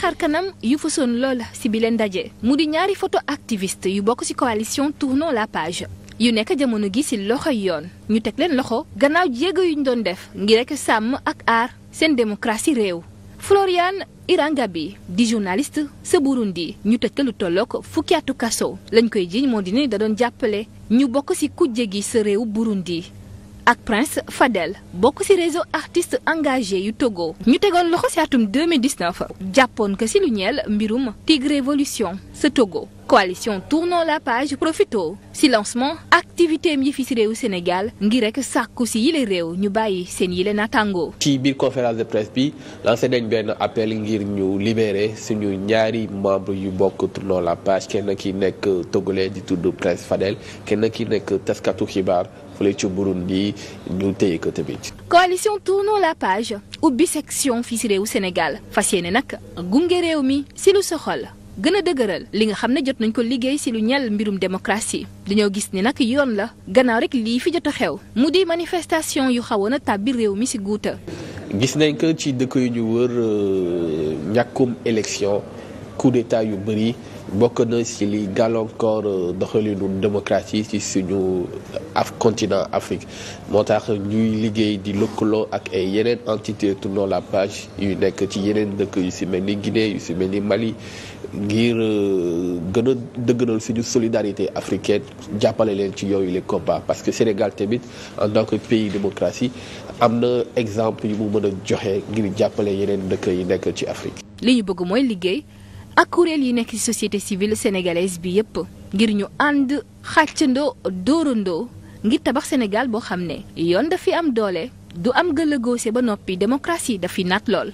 xar kanam yu fësoon lool si bi leen daje mu di ñaari photo activiste yu bokk ci coalition tournons la page yu nekk jamono gi ci yi yoon ñu teg leen loxo gannaaw jéego ñu doon def ngir rek sàmm ak aar seen démocratie réew Florian bi di journaliste sa Burundi ñu tëj ko tolloo ko fukki atu kaso lañ koy jiiñ moo di ne da doon jàppale ñu bokk ci kujje gi sa réew Burundi ak Prince Fadel bokk ci réseau artistes engagés yu Togo ñu tegoon loxo ci atum 2019 jàppoon ko ci lu ñeel mbirum Tigre Révolution sa Togo. coalition tournons la page profito si lancement activité yi fi si réewu Sénégal ngi rek sàkku si yile réew ñu bàyyi seen yile naataangoo. kii biir conférence de presse bi lancé nañ benn appel ngir ñu libérer suñu ñaari membre yu bokk tournons la page kenn ki nekk togolais di tudd Prince Fadel kenn ki nekk taskatu xibaar. fële ci Burundi ñu téye ko tamit. coalition tournons la page ubbi section fii si réewu Sénégal fas yéene nag gunge réew mi si lu soxal gën a dëgëral li nga xam ne jot nañ ko liggéey si lu ñel mbirum démocratie dañoo gis ni nag yoon la gannaaw rek lii fi jot a xew mu di manifestation yu xawoon a tàbbi réew mi si guuta gis nañ ko ci dëkk yu ñu wër euh, ñàkkum élection coup d'état yu bëri bokk na ci li gàllankoor euh, doxalinu démocratie ci suñu euh, af continent Afrique moo tax ñuy liggéey di lëkkaloo ak yeneen entité tournant la page yu nekk ci yeneen dëkk yu ci mel ni Guinée yu ci mel ni Mali ngir euh, gën a dëgëral suñu solidarité africaine jàppale leen ci yooyu les combats parce que Sénégal tamit en tant que pays démocratie am na exemple yu mu mën a joxe ngir jàppale yeneen dëkk yi nekk ci Afrique. li ñu bëgg mooy liggéey. ak kuréel yi nekk ci société civile sénégalaise bi yépp ngir ñu ànd xàccandoo dóorandoo ngir tabax Sénégal boo xam ne yoon dafi am doole du am gëllëgoose ba noppi démocratie dafi naat lool